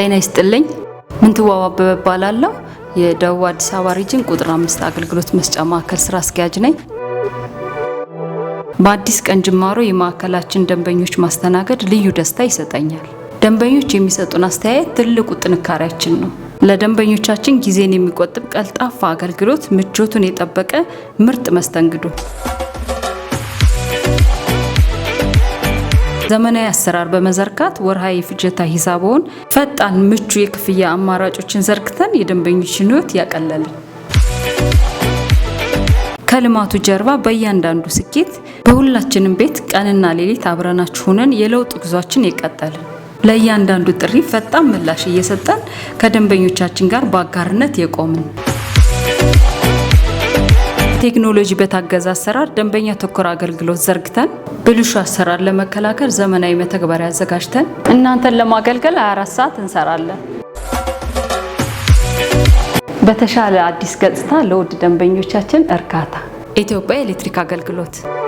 ጤና ይስጥልኝ። ምንትዋብ አበበ እባላለሁ። የደቡብ አዲስ አበባ ሪጅን ቁጥር አምስት አገልግሎት መስጫ ማዕከል ስራ አስኪያጅ ነኝ። በአዲስ ቀን ጅማሮ የማዕከላችን ደንበኞች ማስተናገድ ልዩ ደስታ ይሰጠኛል። ደንበኞች የሚሰጡን አስተያየት ትልቁ ጥንካሬያችን ነው። ለደንበኞቻችን ጊዜን የሚቆጥብ ቀልጣፋ አገልግሎት፣ ምቾቱን የጠበቀ ምርጥ መስተንግዶ ዘመናዊ አሰራር በመዘርጋት ወርሃዊ ፍጀታ ሂሳቦን ፈጣን፣ ምቹ የክፍያ አማራጮችን ዘርግተን የደንበኞችን ህይወት ያቀለልን። ከልማቱ ጀርባ በእያንዳንዱ ስኬት በሁላችንም ቤት ቀንና ሌሊት አብረናችሁ ሆነን የለውጥ ጉዟችን የቀጠልን ለእያንዳንዱ ጥሪ ፈጣን ምላሽ እየሰጠን ከደንበኞቻችን ጋር በአጋርነት የቆምን ቴክኖሎጂ በታገዘ አሰራር ደንበኛ ተኮር አገልግሎት ዘርግተን ብልሹ አሰራር ለመከላከል ዘመናዊ መተግበሪያ አዘጋጅተን እናንተን ለማገልገል 24 ሰዓት እንሰራለን። በተሻለ አዲስ ገጽታ ለውድ ደንበኞቻችን እርካታ። ኢትዮጵያ ኤሌክትሪክ አገልግሎት